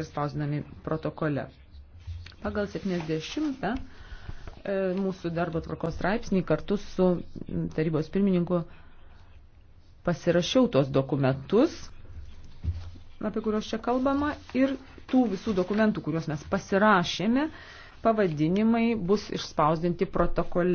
ir spausdinami protokole. Pagal 70 e, mūsų darbo tvarkos straipsnį kartu su tarybos pirmininku pasirašiau tos dokumentus, apie kuriuos čia kalbama, ir tų visų dokumentų, kuriuos mes pasirašėme, pavadinimai bus išspausdinti protokole.